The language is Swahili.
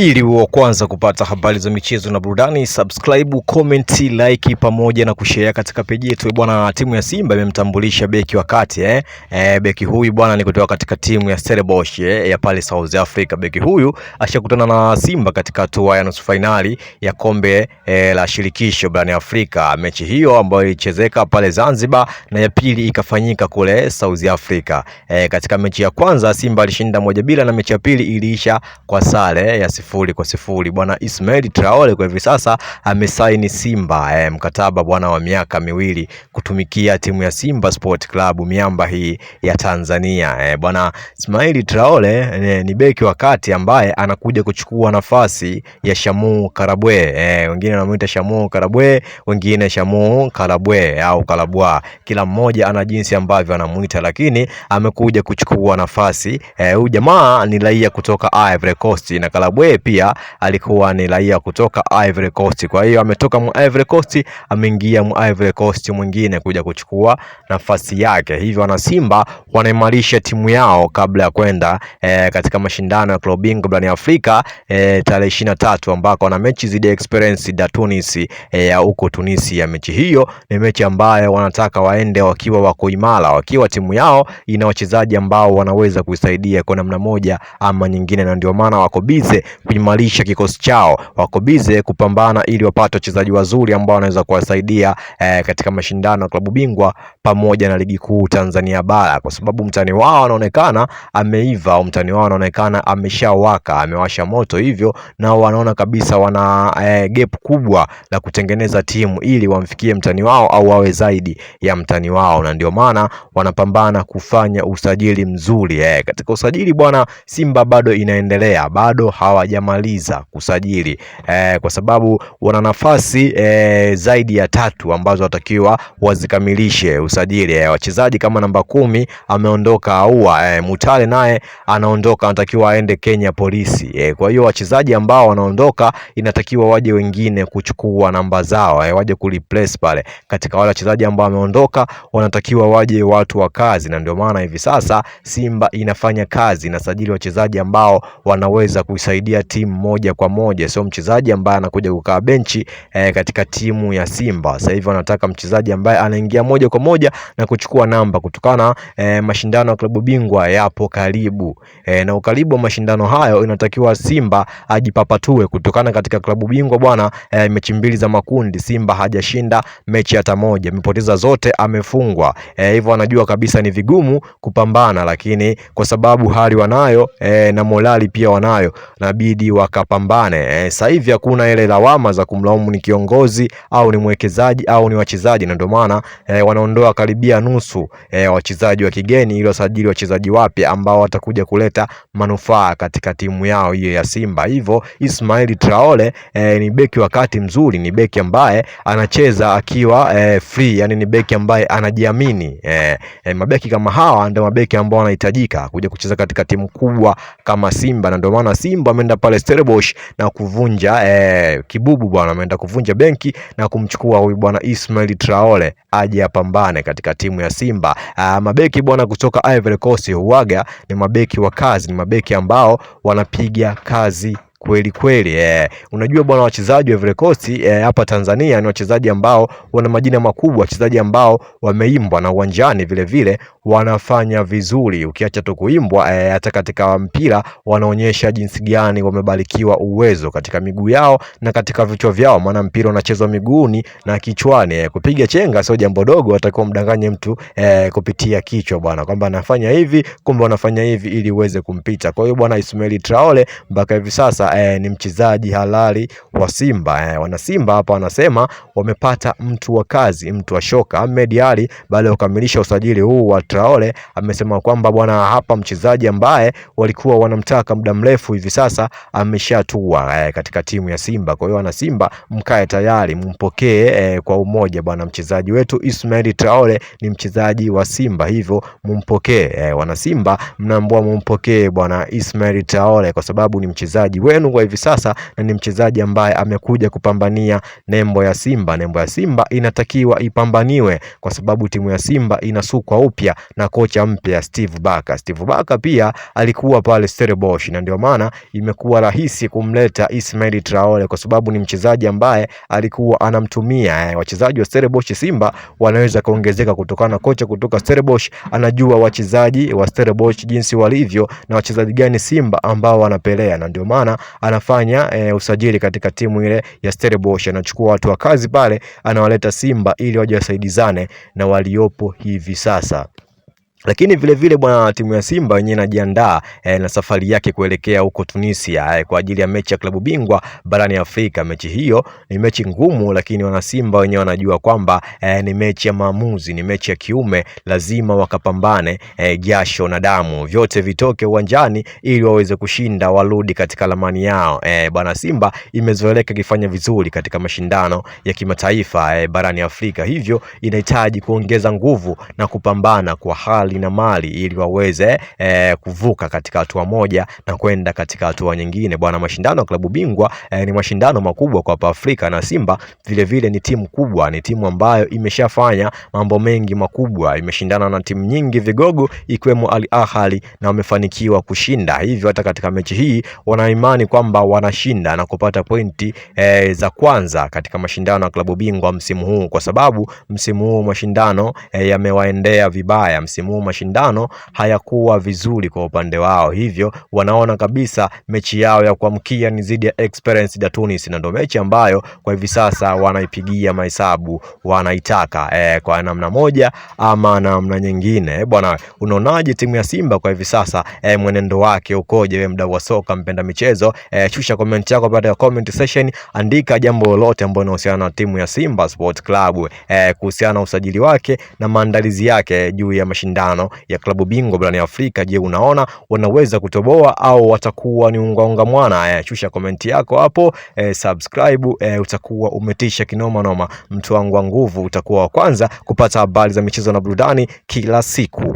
Ili uwe kwanza kupata habari za michezo na burudani, subscribe, comment, like pamoja na kushare katika peji yetu eh, bwana. Timu ya Simba imemtambulisha beki wa kati eh? Eh, beki huyu bwana ni kutoka katika timu ya Stellenbosch eh? ya pale South Africa. Beki huyu ashakutana na Simba katika hatua ya nusu fainali ya kombe eh, la shirikisho barani Afrika, mechi hiyo ambayo ilichezeka pale Zanzibar na ya pili ikafanyika kule South Africa. Eh, katika mechi ya kwanza Simba alishinda moja bila na mechi ya pili iliisha kwa sare ya sifu sifuri kwa sifuri. Bwana Ismail Traore kwa hivi sasa amesaini Simba eh, mkataba bwana wa miaka miwili kutumikia timu ya Simba Sport Club miamba hii ya Tanzania eh, bwana Ismail Traore eh, ni beki wa kati ambaye anakuja kuchukua nafasi ya Shamu Karabwe eh, wengine wanamuita Shamu Karabwe, wengine Shamu Karabwe au Karabwa, kila mmoja ana jinsi ambavyo anamuita, lakini amekuja kuchukua nafasi eh, huyu eh, jamaa ni raia kutoka Ivory Coast na Karabwe pia alikuwa ni raia kutoka Ivory Coast. Kwa hiyo ametoka mu Ivory Coast ameingia mu Ivory Coast mwingine kuja kuchukua nafasi yake, hivyo wana Simba wanaimarisha timu yao kabla ya kwenda e, katika mashindano ya klabu bingwa barani Afrika e, tarehe ishirini na tatu ambako wana mechi dhidi ya Esperance da Tunis eh, ya huko Tunisia. Mechi hiyo ni mechi ambayo wanataka waende wakiwa wako imara, wakiwa timu yao ina wachezaji ambao wanaweza kuisaidia kwa namna moja ama nyingine, na ndio maana wako bize kuimarisha kikosi chao, wako bize kupambana ili wapate wachezaji wazuri ambao wanaweza kuwasaidia eh, katika mashindano ya klabu bingwa pamoja na ligi kuu Tanzania bara, kwa sababu mtani wao anaonekana ameiva, mtani wao anaonekana ameshawaka, amewasha moto, hivyo na wanaona kabisa wana eh, gap kubwa la kutengeneza timu ili wamfikie mtani wao au wawe zaidi ya mtani wao, na ndio maana wanapambana kufanya usajili mzuri eh. Katika usajili bwana, Simba bado inaendelea, bado hawaja hawajamaliza kusajili eh, kwa sababu wana nafasi eh, zaidi ya tatu ambazo watakiwa wazikamilishe usajili eh, wachezaji kama namba kumi ameondoka aua eh, Mutale naye anaondoka, anatakiwa aende Kenya Polisi eh, kwa hiyo wachezaji ambao wanaondoka inatakiwa waje wengine kuchukua namba zao eh, waje kureplace pale. Katika wale wachezaji ambao wameondoka, wanatakiwa waje watu wa kazi, na ndio maana hivi sasa Simba inafanya kazi, inasajili wachezaji ambao wanaweza kuisaidia timu moja kwa moja, sio mchezaji ambaye anakuja kukaa benchi eh, katika timu ya Simba. Sasa hivi wanataka mchezaji ambaye anaingia moja kwa moja na kuchukua namba kutokana eh, mashindano ya klabu bingwa yapo karibu eh, na ukaribu wa mashindano hayo inatakiwa Simba ajipapatue kutokana katika klabu bingwa bwana eh, mechi mbili za makundi Simba hajashinda mechi hata moja, amepoteza zote, amefungwa eh, hivyo e, anajua kabisa ni vigumu kupambana, lakini kwa sababu hali wanayo eh, na morali pia wanayo na itabidi wakapambane. Eh, Sasa hivi hakuna ile lawama za kumlaumu ni kiongozi au ni mwekezaji au ni wachezaji, na ndio maana eh, wanaondoa karibia nusu eh, wachezaji wa kigeni ili wasajili wachezaji wapya ambao watakuja kuleta manufaa katika timu yao hiyo ya Simba. Hivyo Ismail Traore eh, ni beki wakati mzuri, ni beki ambaye anacheza akiwa eh, free, yani ni beki ambaye anajiamini eh, eh, mabeki kama hawa ndio mabeki ambao wanahitajika kuja kucheza katika timu kubwa kama Simba, na ndio maana Simba ameenda pale Stellenbosch na kuvunja eh, kibubu bwana, ameenda kuvunja benki na kumchukua huyu bwana Ismail Traore aje apambane katika timu ya Simba. Ah, mabeki bwana kutoka Ivory Coast huaga ni mabeki wa kazi, ni mabeki ambao wanapiga kazi Kweli kweli eh. Unajua bwana, wachezaji wa Ivory Coast eh, hapa Tanzania ni wachezaji ambao wana majina makubwa, wachezaji ambao wameimbwa na uwanjani vile vile wanafanya vizuri, ukiacha tu kuimbwa eh, hata katika mpira wanaonyesha jinsi gani wamebarikiwa uwezo katika miguu yao na katika vichwa vyao, maana mpira unachezwa miguuni na kichwani eh. Kupiga chenga sio jambo dogo, atakao mdanganye mtu eh, kupitia kichwa bwana, kwamba anafanya hivi, kumbe wanafanya hivi ili uweze kumpita. Kwa hiyo bwana, Ismail Traore mpaka hivi sasa sasa eh, ni mchezaji halali wa Simba. Eh, Wanasimba hapa wanasema wamepata mtu wa kazi, mtu wa shoka. Ahmed Ally baada ya kukamilisha usajili huu wa Traore amesema kwamba bwana, hapa mchezaji ambaye walikuwa wanamtaka muda mrefu hivi sasa ameshatua eh, katika timu ya Simba. Kwa hiyo Simba mkae tayari, mumpokee kwa umoja bwana. Mchezaji wetu Ismail Traore ni mchezaji wa Simba, hivyo mumpokee. Wanasimba mnaambua mumpokee bwana Ismail Traore kwa sababu ni mchezaji wetu. Enu hivi sasa na ni mchezaji ambaye amekuja kupambania nembo ya Simba. Nembo ya Simba inatakiwa ipambaniwe kwa sababu timu ya Simba inasukwa upya na kocha mpya Steve Baka. Steve Baka pia alikuwa pale Stellenbosch na ndio maana imekuwa rahisi kumleta Ismail Traore kwa sababu ni mchezaji ambaye alikuwa anamtumia. Eh, wachezaji wa Stellenbosch Simba wanaweza kuongezeka kutokana na kocha kutoka Stellenbosch anajua wachezaji wa Stellenbosch jinsi walivyo na wachezaji gani Simba ambao wanapelea, na ndio maana anafanya e, usajili katika timu ile ya Stellenbosch, anachukua watu wa kazi pale, anawaleta Simba ili waje wasaidizane na waliopo hivi sasa. Lakini vile vile bwana, timu ya Simba yenyewe inajiandaa eh, na safari yake kuelekea huko Tunisia eh, kwa ajili ya mechi ya klabu bingwa barani Afrika. Mechi hiyo ni mechi ngumu, lakini wana Simba wenyewe wanajua kwamba eh, ni mechi ya maamuzi, ni mechi ya kiume, lazima wakapambane eh, jasho na damu vyote vitoke uwanjani ili waweze kushinda, warudi katika lamani yao Eh, bwana. Simba imezoeleka kifanya vizuri katika mashindano ya kimataifa eh, barani Afrika, hivyo inahitaji kuongeza nguvu na kupambana kwa hali mbali na Mali ili waweze eh, kuvuka katika hatua moja na kwenda katika hatua nyingine. Bwana, mashindano ya klabu bingwa eh, ni mashindano makubwa kwa Afrika na Simba vile vile ni timu kubwa, ni timu ambayo imeshafanya mambo mengi makubwa, imeshindana na timu nyingi vigogo ikiwemo Al Ahly na wamefanikiwa kushinda. Hivyo hata katika mechi hii wanaimani kwamba wanashinda na kupata pointi eh, za kwanza katika mashindano ya klabu bingwa msimu huu, kwa sababu msimu huu mashindano eh, yamewaendea vibaya msimu msimu mashindano hayakuwa vizuri kwa upande wao, hivyo wanaona kabisa mechi yao ya kuamkia ni dhidi ya Esperance de Tunis, na ndio mechi ambayo kwa hivi sasa wanaipigia mahesabu, wanaitaka e, kwa namna moja ama namna nyingine. E, bwana, unaonaje timu ya Simba kwa hivi sasa e, mwenendo wake ukoje? Wewe mdau wa soka, mpenda michezo e, shusha comment yako baada ya comment session, andika jambo lolote ambalo linahusiana na timu ya Simba Sports Club e, kuhusiana na usajili wake na maandalizi yake juu ya mashindano mashindano ya klabu bingwa barani Afrika. Je, unaona wanaweza kutoboa au watakuwa ni ungaunga mwana? Eh, shusha komenti yako hapo eh, subscribe eh, utakuwa umetisha kinoma noma. Mtu wangu wa nguvu, utakuwa wa kwanza kupata habari za michezo na burudani kila siku.